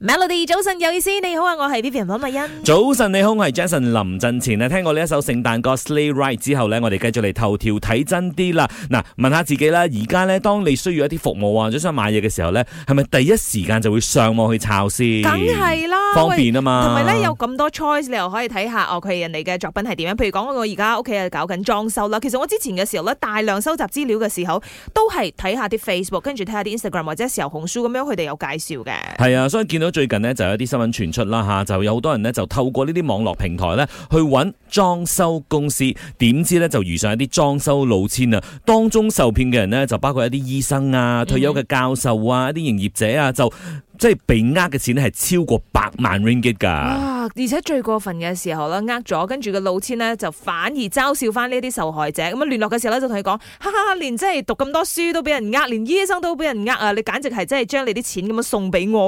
Melody 早晨有意思，你好啊，我係 Vivian 方逸欣。早晨你好，我係 Jason。臨陣前咧，聽過呢一首聖誕歌 Sleigh Ride 之後呢，我哋繼續嚟頭條睇真啲啦。嗱，問一下自己啦，而家呢，當你需要一啲服務或者想買嘢嘅時候呢，係咪第一時間就會上網去抄先？梗係啦，方便啊嘛。同埋呢，有咁多 choice，你又可以睇下哦。佢人哋嘅作品係點樣？譬如講我而家屋企啊，搞緊裝修啦。其實我之前嘅時候呢，大量收集資料嘅時候，都係睇下啲 Facebook，跟住睇下啲 Instagram 或者時候紅書咁樣，佢哋有介紹嘅。係啊，所以見到。最近呢就有啲新聞傳出啦吓，就有好多人呢就透過呢啲網絡平台呢去揾裝修公司，點知呢，就遇上一啲裝修老千啊！當中受騙嘅人呢，就包括一啲醫生啊、退休嘅教授啊、一啲營業者啊就。即係被呃嘅錢咧係超過百萬 ringgit 噶，而且最過分嘅時候咧，呃咗，跟住個老千呢，就反而嘲笑翻呢啲受害者，咁樣聯絡嘅時候咧就同佢講，哈哈，連即係讀咁多書都俾人呃，連醫生都俾人呃啊，你簡直係真係將你啲錢咁樣送俾我，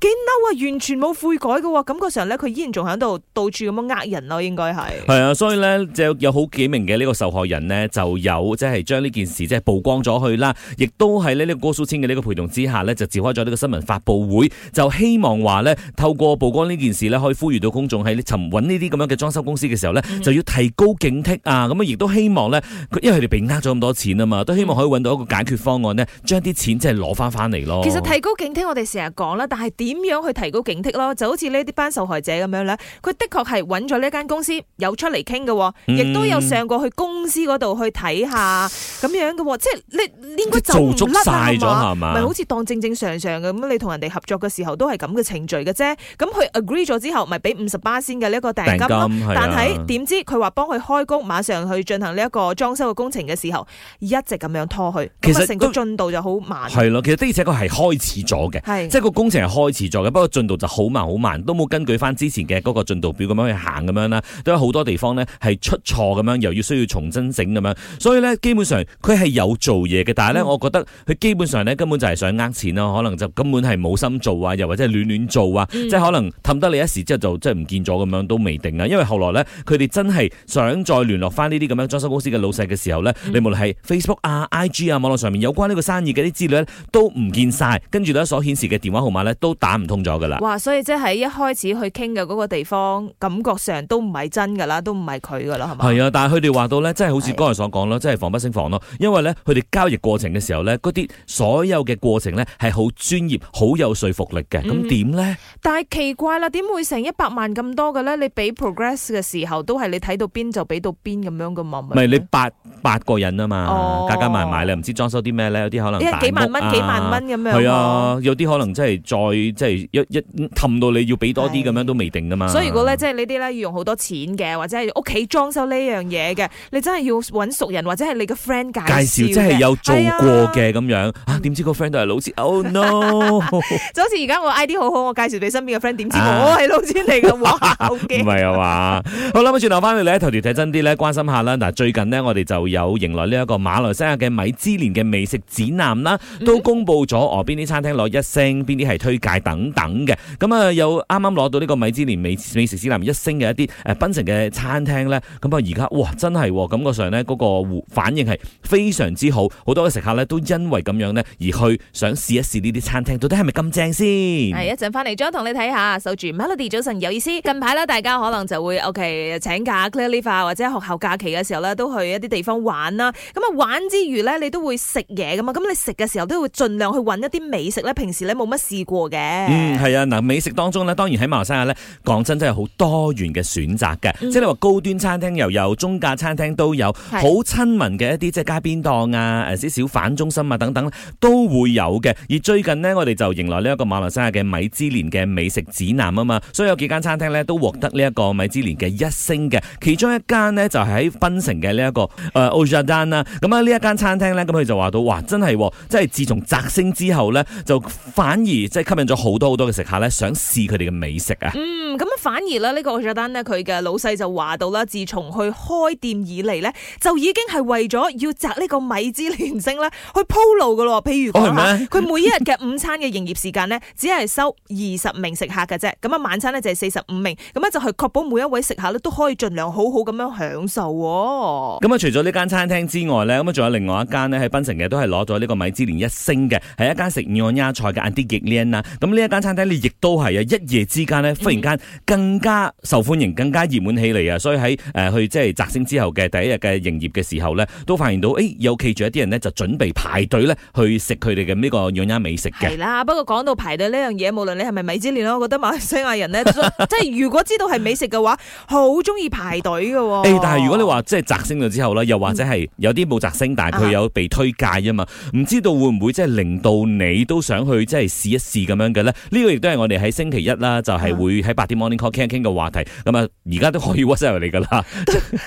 幾嬲啊，完全冇悔改嘅，感覺上咧佢依然仲喺度到處咁樣呃人咯，應該係。係啊，所以咧就有好幾名嘅呢個受害人呢，就有即係將呢件事即係曝光咗去啦，亦都係呢個郭書千嘅呢個陪同之下呢，就召開咗呢個新聞發。部會就希望話咧，透過曝光呢件事咧，可以呼籲到公眾喺你尋搵呢啲咁樣嘅裝修公司嘅時候咧，就要提高警惕啊！咁啊，亦都希望咧，因為佢哋俾呃咗咁多錢啊嘛，都希望可以搵到一個解決方案呢，將啲錢即係攞翻翻嚟咯。其實提高警惕我哋成日講啦，但係點樣去提高警惕咯？就好似呢啲班受害者咁樣咧，佢的確係搵咗呢一間公司有出嚟傾嘅，亦都有上過去公司嗰度去睇下咁樣嘅，即係你，你應該做足晒咗係嘛？唔係好似當正正常常嘅咁，你同人。哋合作嘅時候都係咁嘅程序嘅啫，咁佢 agree 咗之後，咪俾五十巴仙嘅呢一個訂金咯。但係點知佢話幫佢開工，馬上去進行呢一個裝修嘅工程嘅時候，一直咁樣拖去，其實成個進度就好慢。係咯，其實的而且確係開始咗嘅，即係個工程係開始咗嘅，不過進度就好慢好慢，都冇根據翻之前嘅嗰個進度表咁樣去行咁樣啦，都有好多地方呢係出錯咁樣，又要需要重新整咁樣，所以呢基本上佢係有做嘢嘅，但係呢我覺得佢基本上呢根本就係想呃錢咯，可能就根本係冇。冇心做啊，又或者亂亂做啊，嗯、即係可能氹得你一時之後就即係唔見咗咁樣都未定啊。因為後來咧，佢哋真係想再聯絡翻呢啲咁樣裝修公司嘅老細嘅時候咧，嗯、你無論係 Facebook 啊、IG 啊，網絡上面有關呢個生意嘅啲資料咧、嗯、呢、呢，都唔見晒，跟住咧所顯示嘅電話號碼咧，都打唔通咗噶啦。哇！所以即係一開始去傾嘅嗰個地方，感覺上都唔係真噶啦，都唔係佢噶啦，係嘛吧？係啊，但係佢哋話到咧，即係好似剛才所講咯，即係防不勝防咯。因為咧，佢哋交易過程嘅時候咧，嗰啲所有嘅過程咧，係好專業，好。有說服力嘅，咁點咧？但係奇怪啦，點會成一百萬咁多嘅咧？你俾 progress 嘅時候，都係你睇到邊就俾到邊咁樣嘅嘛？唔係你八八個人啊嘛，加加埋埋你又唔知裝修啲咩咧？有啲可能幾萬蚊，幾萬蚊咁樣。係啊，有啲可能即係再即係一一氹到你要俾多啲咁樣都未定噶嘛。所以如果咧即係呢啲咧要用好多錢嘅，或者係屋企裝修呢樣嘢嘅，你真係要揾熟人或者係你個 friend 介紹，即係有做過嘅咁樣啊？點知個 friend 都係老師？Oh no！就好似而家我 ID 好好，我介紹你身邊嘅 friend，點知道我係老千嚟嘅，唔係啊嘛？好啦，咁轉頭翻嚟你喺頭條睇真啲咧，關心一下啦。嗱，最近呢，我哋就有迎來呢一個馬來西亞嘅米芝蓮嘅美食展覽啦，都公布咗哦，邊啲餐廳攞一星，邊啲係推介等等嘅。咁啊，有啱啱攞到呢個米芝蓮美美食指南一星嘅一啲誒，檳城嘅餐廳咧，咁啊，而家哇，真係感覺上咧嗰個反應係非常之好，好多嘅食客咧都因為咁樣咧而去想試一試呢啲餐廳，到底係。咁正先，係一陣翻嚟再同你睇下，守住 Melody 早晨有意思。 近排啦，大家可能就會 O、OK, K 請假 clarify 或者學校假期嘅時候咧，都去一啲地方玩啦。咁啊玩之餘呢，你都會食嘢噶嘛？咁你食嘅時候都會盡量去揾一啲美食呢，平時你冇乜試過嘅，嗯，係啊，嗱，美食當中呢，當然喺馬來西亞呢講真真係好多元嘅選擇嘅。嗯、即係你話高端餐廳又有，中價餐廳都有，好親民嘅一啲即係街邊檔啊，誒，啊、小販中心啊等等都會有嘅。而最近呢，我哋就迎來呢一個馬來西亞嘅米芝蓮嘅美食指南啊嘛，所以有幾間餐廳咧都獲得呢一個米芝蓮嘅一星嘅，其中一間呢就喺、是、檳城嘅、這個呃啊、呢一個誒 Au Jardin 啦。咁啊呢一間餐廳咧，咁佢就話到，哇，真係、哦，即係自從摘星之後咧，就反而即係吸引咗好多好多嘅食客咧，想試佢哋嘅美食啊。嗯，咁反而咧呢、這個 Au Jardin 呢，佢嘅老細就話到啦，自從去開店以嚟呢，就已經係為咗要摘呢個米芝蓮星咧，去鋪路噶咯。譬如佢、oh, right? 每一日嘅午餐嘅營 業時間咧，只係收二十名食客嘅啫。咁啊，晚餐咧就係四十五名。咁咧就係確保每一位食客咧都可以盡量好好咁樣享受。咁啊，除咗呢間餐廳之外咧，咁啊仲有另外一間咧喺檳城嘅，都係攞咗呢個米芝蓮一星嘅，係一間食越南菜嘅 Antiglen 啊。咁呢一間餐廳咧，亦都係啊一夜之間咧，忽然間更加受歡迎，更加熱門起嚟啊！所以喺誒去即係摘星之後嘅第一日嘅營業嘅時候咧，都發現到誒有企住一啲人咧就準備排隊咧去食佢哋嘅呢個越南美食嘅。係啦，不。講到排隊呢樣嘢，無論你係咪米芝蓮啦，我覺得馬來西亞人咧，即係 如果知道係美食嘅話，好中意排隊噶、哦。誒、欸，但係如果你話即係摘星咗之後咧，又或者係有啲冇摘星，嗯、但係佢有被推介啊嘛，唔知道會唔會即係令到你都想去即係試一試咁樣嘅咧？呢、這個亦都係我哋喺星期一啦，就係會喺八點 Morning Call 傾一傾嘅話題。咁啊、嗯，而家都可以 WhatsApp 嚟噶啦。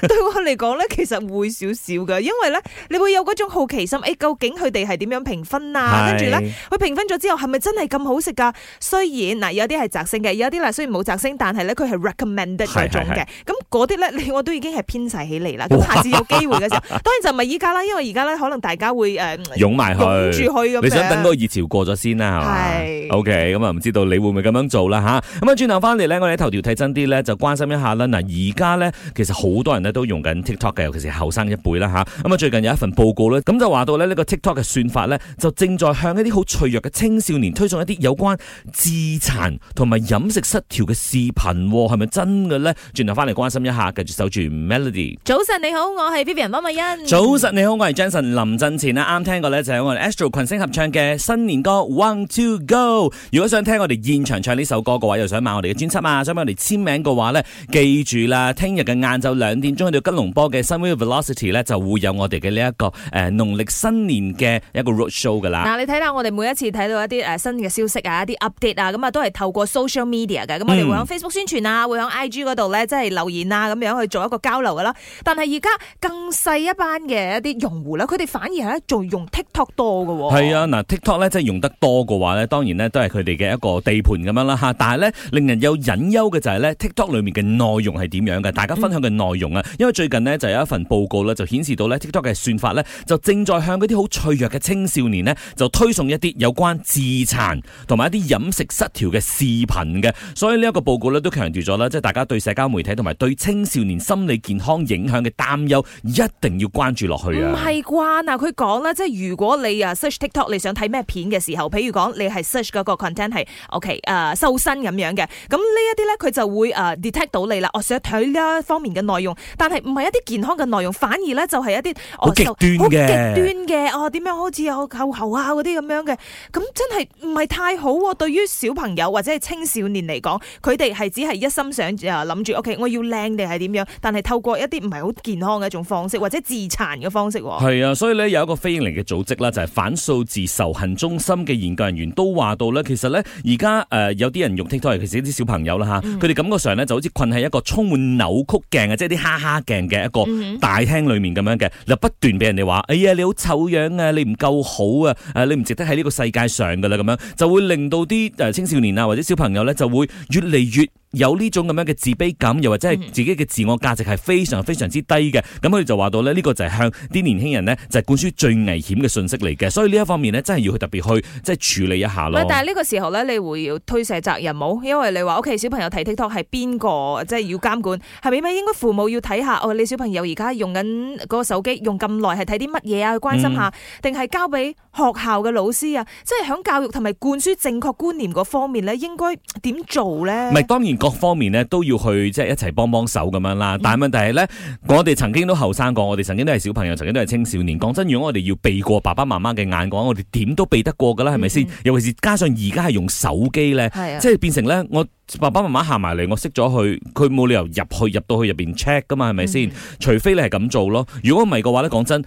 對我嚟講咧， 其實會少少噶，因為咧你會有嗰種好奇心，誒、欸，究竟佢哋係點樣評分啊？跟住咧，佢評分咗之後係咪？真係咁好食噶，雖然嗱有啲係摘星嘅，有啲咧雖然冇摘星，但係咧佢係 recommended 嗰種嘅。咁嗰啲咧，你我都已經係編曬起嚟啦。咁哇 下次有機會嘅時候，當然就唔係依家啦，因為而家咧可能大家會誒擁埋去住去咁樣。你想等個熱潮過咗先啦，係 o k 咁啊，唔、okay，嗯、知道你會唔會咁樣做啦？嚇，咁啊，轉頭翻嚟咧，我喺頭條睇真啲咧，就關心一下啦。嗱、啊，而家咧其實好多人咧都用緊 TikTok 嘅，尤其是後生一輩啦嚇。咁啊，啊，啊，最近有一份報告咧，咁就話到咧呢、呢個 TikTok 嘅算法咧，就正在向一啲好脆弱嘅青少年。推送一啲有關自殘同埋飲食失調嘅視頻，係咪真嘅咧？轉頭翻嚟關心一下，繼續守住 Melody。早晨你好，我係 Vivian 麥美恩。早晨你好，我係 Jensen 林振前啦。啱聽過咧就係我哋 Astro 群星合唱嘅新年歌《One Two Go》。如果想聽我哋現場唱呢首歌嘅話，又想買我哋嘅專輯啊，想俾我哋簽名嘅話咧，記住啦，聽日嘅晏晝兩點鐘去到吉隆坡嘅 Sunway Velocity 咧就會有我哋嘅呢一個誒農曆新年嘅一個 road show 噶啦。嗱，你睇下我哋每一次睇到一啲誒，新嘅消息啊，一啲 update 啊，咁啊都係透過 social media 嘅，咁、嗯、我哋會響 Facebook 宣傳啊，會響 IG 度咧，即係留言啊，咁樣去做一個交流噶啦。但係而家更細一班嘅一啲用戶咧，佢哋反而咧做用 TikTok 多嘅。係啊、嗯，嗱 TikTok 咧即係用得多嘅話咧，當然咧都係佢哋嘅一個地盤咁樣啦吓。但係咧令人有隱憂嘅就係咧 TikTok 裏面嘅內容係點樣嘅？大家分享嘅內容啊，因為最近咧就有一份報告咧就顯示到咧 TikTok 嘅算法咧就正在向嗰啲好脆弱嘅青少年咧就推送一啲有關自殘同埋一啲飲食失調嘅視頻嘅，所以呢一個報告咧都強調咗啦，即係大家對社交媒體同埋對青少年心理健康影響嘅擔憂，一定要關注落去啊。唔係啩？佢講啦，即係如果你啊 search TikTok，你想睇咩片嘅時候，譬如講你係 search 嗰個 content 係，ok 誒、呃，瘦身咁樣嘅，咁呢一啲咧，佢就會誒 detect 到你啦，我想睇呢一方面嘅內容，但係唔係一啲健康嘅內容，反而咧就係一啲好極端嘅，極端嘅，哦，點樣好似有扣喉啊嗰啲咁樣嘅，咁真係。唔係太好，對於小朋友或者係青少年嚟講，佢哋係只係一心想啊諗住，OK，我要靚定係點樣，但係透過一啲唔係好健康嘅一種方式或者自殘嘅方式。係啊，所以咧有一個非營利嘅組織啦，就係、是、反數字仇恨中心嘅研究人員都話到咧，其實咧而家誒有啲人用 TikTok，啲小朋友啦吓，佢哋、嗯、感覺上咧就好似困喺一個充滿扭曲鏡嘅，即係啲哈哈鏡嘅一個大廳裏面咁樣嘅，嗱、嗯嗯、不斷俾人哋話，哎呀你好醜樣啊，你唔夠好啊，誒你唔值得喺呢個世界上噶啦。咁樣就會令到啲誒青少年啊，或者小朋友咧，就會越嚟越，有呢種咁樣嘅自卑感，又或者係自己嘅自我價值係非常非常之低嘅，咁佢就話到呢，呢個就係向啲年輕人呢，就係灌輸最危險嘅信息嚟嘅，所以呢一方面呢，真係要去特別去即係處理一下咯。但係呢個時候呢，你會推卸責任冇？因為你話屋企小朋友睇 TikTok 係邊個，即係要監管係咪？應該父母要睇下哦，你小朋友而家用緊嗰個手機用咁耐，係睇啲乜嘢啊？去關心下，定係、嗯、交俾學校嘅老師啊？即係響教育同埋灌輸正確觀念嗰方面呢，應該點做呢？係，當然。各方面咧都要去即係一齊幫幫手咁樣啦，但係問題係咧，我哋曾經都後生過，我哋曾經都係小朋友，曾經都係青少年。講真，如果我哋要避過爸爸媽媽嘅眼光，我哋點都避得過噶啦，係咪先？嗯嗯，尤其是加上而家係用手機咧，係啊、即係變成咧我。爸爸媽媽行埋嚟，我識咗佢，佢冇理由入去入到去入面 check 噶嘛，係咪先？嗯、除非你係咁做咯。如果唔係嘅話咧，講真，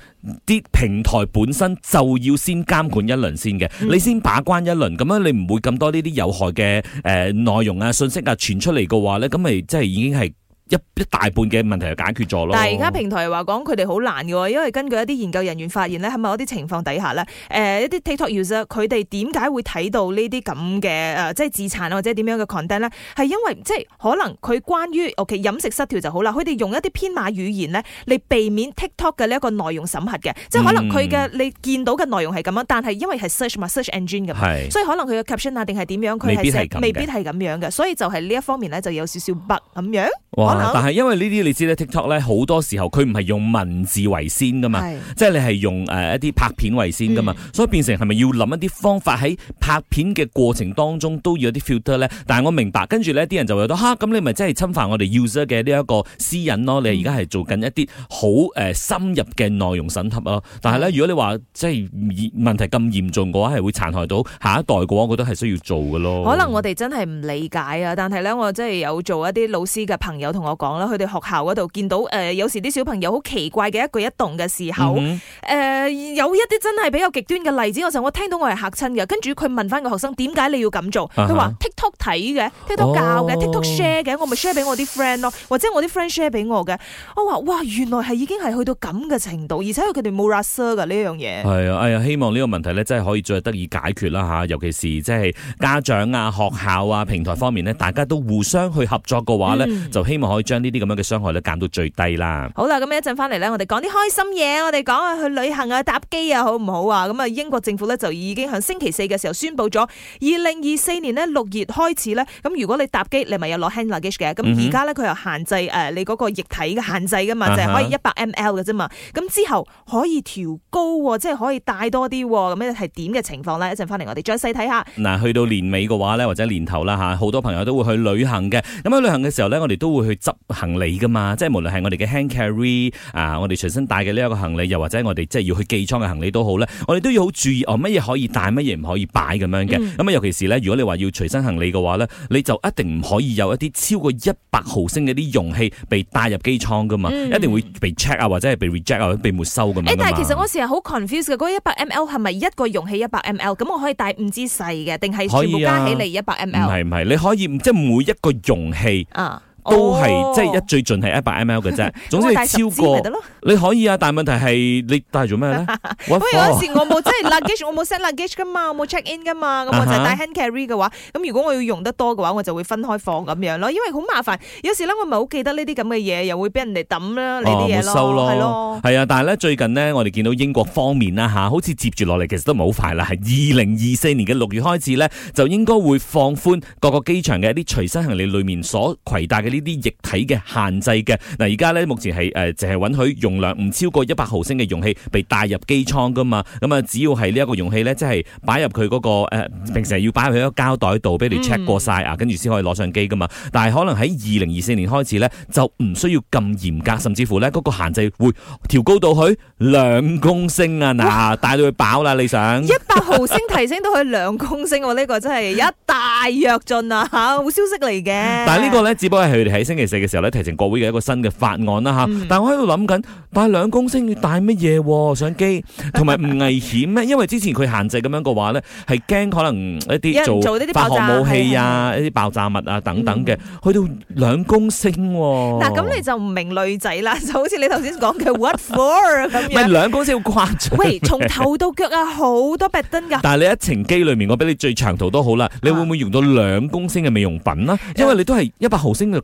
啲平台本身就要先監管一輪先嘅，你先把關一輪，咁樣你唔會咁多呢啲有害嘅誒、呃、內容啊、信息啊傳出嚟嘅話咧，咁咪即係已經係。一一大半嘅問題就解決咗咯。但係而家平台話講佢哋好難嘅喎，因為根據一啲研究人員發現咧，係咪一啲情況底下咧，誒、呃、一啲 TikTok user 佢哋點解會睇到呢啲咁嘅誒，即係自殘啊或者點樣嘅 content 咧，係因為即係可能佢關於 OK 飲食失調就好啦，佢哋用一啲編碼語言咧嚟避免 TikTok 嘅呢一個內容審核嘅，即係可能佢嘅、嗯、你見到嘅內容係咁樣，但係因為係 search 嘛的 search engine 咁，的所以可能佢嘅 caption 啊定係點樣佢係未必係咁樣嘅，所以就係呢一方面咧就有少少密咁樣。但係因為呢啲你知咧，TikTok 咧好多時候佢唔係用文字為先噶嘛，是即係你係用誒、呃、一啲拍片為先噶嘛，嗯、所以變成係咪要諗一啲方法喺拍片嘅過程當中都要有啲 filter 咧？但係我明白，跟住呢啲人就會覺得：哈「吓咁你咪真係侵犯我哋 user 嘅呢一個私隱咯？你而家係做緊一啲好誒深入嘅內容審核咯？但係咧，嗯、如果你話即係問題咁嚴重嘅話，係會殘害到下一代嘅話，我覺得係需要做嘅咯。可能我哋真係唔理解啊，但係咧我真係有做一啲老師嘅朋友同。我講啦，佢哋學校嗰度見到誒、呃，有時啲小朋友好奇怪嘅一舉一動嘅時候，誒、嗯哼呃，有一啲真係比較極端嘅例子，我就我聽到我係吓親嘅。跟住佢問翻個學生點解你要咁做，佢話、啊、哈 TikTok 睇嘅、哦、，TikTok 教嘅、哦、，TikTok share 嘅，我咪 share 俾我啲 friend 咯，或者我啲 friend share 俾我嘅。我話哇，原來係已經係去到咁嘅程度，而且佢哋冇 research 噶呢樣嘢。係啊，哎呀，希望呢個問題咧真係可以再得以解決啦吓，尤其是即係家長啊、嗯、學校啊、平台方面咧，大家都互相去合作嘅話咧，嗯、就希望。可以將呢啲咁樣嘅傷害咧減到最低啦。好啦，咁一陣翻嚟咧，我哋講啲開心嘢。我哋講下去旅行啊，搭機啊，好唔好啊？咁啊，英國政府咧就已經喺星期四嘅時候宣布咗，二零二四年呢，六月開始咧，咁如果你搭機，你咪、mm hmm. 有攞 hand luggage 嘅。咁而家咧佢又限制誒你嗰個液體嘅限制噶嘛，就係、是、可以一百 mL 嘅啫嘛。咁、uh huh. 之後可以調高，即、就、係、是、可以帶多啲。咁咧係點嘅情況咧？一陣翻嚟，我哋再細睇下。嗱，去到年尾嘅話咧，或者年頭啦嚇，好多朋友都會去旅行嘅。咁喺旅行嘅時候咧，我哋都會去執行李噶嘛，即係無論係我哋嘅 hand carry 啊，我哋隨身帶嘅呢一個行李，又或者我哋即係要去寄倉嘅行李都好咧，我哋都要好注意哦，乜嘢可以帶，乜嘢唔可以擺咁樣嘅。咁啊，尤其是咧，如果你話要隨身行李嘅話咧，你就一定唔可以有一啲超過一百毫升嘅啲容器被帶入機艙噶嘛，嗯、一定會被 check 啊，或者係被 reject 啊，被沒收咁樣、欸。但係其實我成日好 confuse 嘅，嗰一百 ml 係咪一個容器一百 ml？咁我可以帶唔知細嘅，定係全部加起嚟一百 ml？唔係唔係，你可以即係每一個容器啊。都係、哦、即係一最盡係一百 mL 嘅啫，總之係超過 可你可以啊，但係問題係你帶做咩咧？我有陣時我冇即係 luggage，我冇 set luggage 噶嘛，我冇 check in 噶嘛，咁我就帶 hand carry 嘅話，咁如果我要用得多嘅話，我就會分開放咁樣咯，因為好麻煩。有時咧我唔係好記得呢啲咁嘅嘢，又會俾人哋抌啦呢啲嘢收咯。係啊咯，但係咧最近呢，我哋見到英國方面啦吓，好似接住落嚟，其實都唔係好快啦，係二零二四年嘅六月開始咧，就應該會放寬各個機場嘅一啲隨身行李裏面所攜帶嘅。呢啲液體嘅限制嘅嗱，而家咧目前係誒，淨、呃、係允許容量唔超過一百毫升嘅容器被帶入機艙噶嘛。咁啊，只要係呢一個容器咧，即係擺入佢嗰、那個誒、呃，平時係要擺入去一個膠袋度，俾你 check 過晒啊，跟住先可以攞上機噶嘛。但係可能喺二零二四年開始咧，就唔需要咁嚴格，甚至乎咧嗰個限制會調高到去兩公升啊！嗱哇，帶到佢飽啦，你想？一百毫升提升到去兩公升，啊，呢 個真係一大躍進啊！吓，好消息嚟嘅。但係呢個咧，只不過係。喺星期四嘅時候咧，提呈國會嘅一個新嘅法案啦嚇。嗯、但係我喺度諗緊，帶兩公升要帶乜嘢相機，同埋唔危險咩？ 因為之前佢限制咁樣嘅話咧，係驚可能一啲做化學武器啊、一啲爆炸物啊等等嘅，嗯、去到兩公升、啊。嗱、啊，咁你就唔明女仔啦，就好似你頭先講嘅 what for 咁樣。唔係兩公升要關進？喂，從頭到腳啊，好多百登㗎。但係你一程機裡面，我俾你最長途都好啦，你會唔會用到兩公升嘅美容品啦？嗯、因為你都係一百毫升嘅。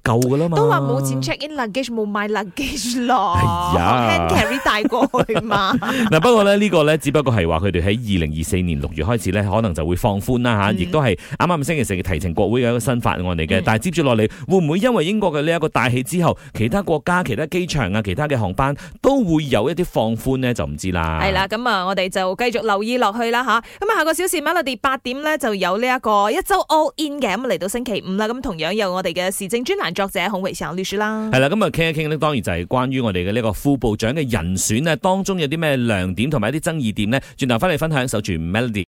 都話冇錢 check in luggage，冇買 luggage 咯，哎、呀，hand carry 大過去嘛。嗱，不過呢，呢個呢，只不過係話佢哋喺二零二四年六月開始呢，可能就會放寬啦吓，亦都係啱啱星期四提呈國會嘅一個新法案嚟嘅。嗯、但係接住落嚟，會唔會因為英國嘅呢一個大氣之後，其他國家、其他機場啊、其他嘅航班都會有一啲放寬呢？就唔知啦。係啦，咁啊，我哋就繼續留意落去啦吓。咁啊，下個小時咧，我八點呢，就有呢一個一周 all in 嘅。咁嚟到星期五啦，咁同樣有我哋嘅市政專欄。作者孔偉祥律師啦，係啦，咁啊傾一傾咧，當然就係關於我哋嘅呢個副部長嘅人選咧，當中有啲咩亮點同埋一啲爭議點咧，轉頭翻嚟分享，守住 Melody。